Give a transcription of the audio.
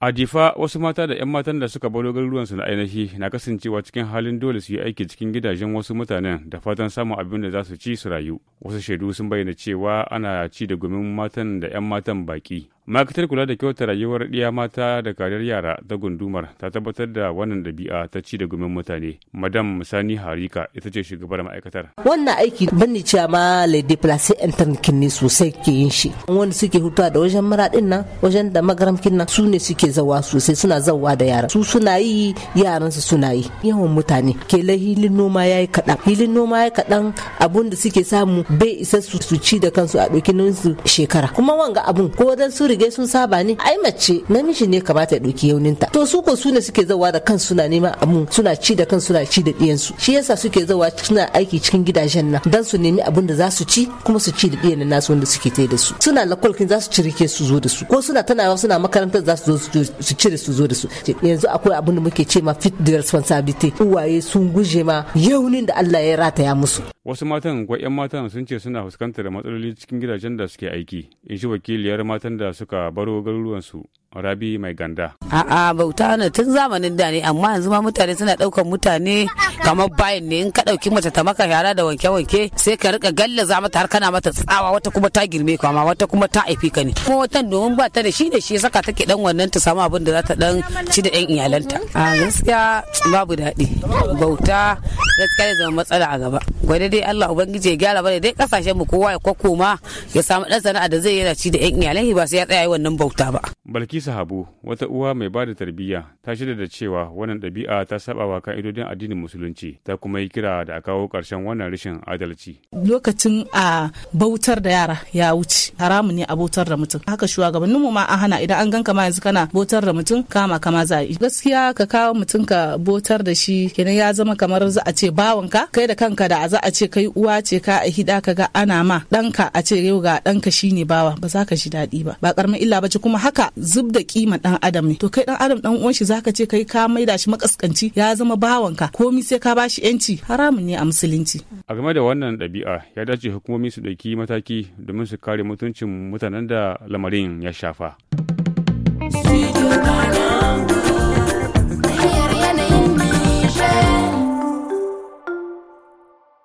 A difa wasu mata da 'yan matan da suka garuruwan garuruwansu na ainihi na kasancewa cikin halin dole su yi aiki cikin gidajen wasu mutanen da fatan samun abin da za su ci su rayu. Wasu shaidu sun bayyana cewa ana ci da gumin matan da 'yan matan baki. ma'aikatar kula da kyauta rayuwar ɗiya mata da kariyar yara ta gundumar ta tabbatar da wannan dabi'a ta ci da gumin mutane madam sani harika ita ce shugabar ma'aikatar wannan aiki banni cewa ma lady place intern ne sosai ke yin shi wanda suke hutuwa da wajen ɗin nan wajen da magaramkin nan su ne suke zawa sosai suna zawa da yara su suna yi yaran su suna yi yawan mutane ke hilin noma yayi kaɗan hilin noma yayi kaɗan abun da suke samu bai isa su ci da kansu a ɗauki su shekara kuma wanga abun ko dan su riga sun saba ne ai mace namiji ne kamata ya ɗauki yauninta to su ko su ne suke zawa da kansu suna neman amu suna ci da kansu suna ci da diyansu shi yasa suke zawa suna aiki cikin gidajen nan dan su nemi abin da za su ci kuma su ci da ɗiyan nasu wanda suke tai da su suna lakulkin za su cirike su zo da su ko suna tana suna makarantar za su zo su cire su zo da su yanzu akwai abin da muke ce ma fit the responsibility uwaye sun guje ma yaunin da Allah ya rataya musu wasu matan ko yan matan sun ce suna fuskantar matsaloli cikin gidajen da suke aiki in shi wakiliyar matan da suka suka baro garuruwansu rabi mai ganda. A'a bauta na tun zamanin da ne amma yanzu ma mutane suna ɗaukar mutane kamar bayan ne in ka ɗauki mace ta maka yara da wanke-wanke sai ka rika za mata har kana mata tsawa wata kuma ta girme ka amma wata kuma ta aifi ka ne. Kuma watan domin ba ta da shi da shi saka take dan wannan ta samu abin da za ta dan ci da 'yan iyalanta. A gaskiya babu daɗi bauta gaskiya zama matsala a gaba. gwada dai Allah ubangiji ya gyara bane dai kasashen mu kowa ya kokoma ya samu dan sana'a da zai yana ci da yan iyalai ba sai ya tsaya wannan bauta ba balkisa habu wata uwa mai bada tarbiyya ta shirya da cewa wannan dabi'a ta saba wa ka'idodin addinin musulunci ta kuma yi kira da a kawo ƙarshen wannan rashin adalci lokacin a bautar da yara ya wuce haramun ne a bautar da mutum haka shugabannin mu ma an hana idan an ganka ma yanzu kana bautar da mutum kama kama za yi gaskiya ka kawo mutum ka bautar da shi kenan ya zama kamar za a ce bawanka kai da kanka da a za a ce kai uwa ce ka a hida ka ga ana ma ɗanka a ce yau ga ɗanka shine bawa ba za ka ji daɗi ba ba karamin illa ba ce kuma haka zub da kima ɗan adam ne to kai ɗan adam ɗan uwan shi za ka ce kai ka maida shi makaskanci ya zama bawanka komi sai ka bashi yanci haramun ne a musulunci. a game da wannan dabi'a ya dace hukumomi su ɗauki mataki domin su kare mutuncin mutanen da lamarin ya shafa.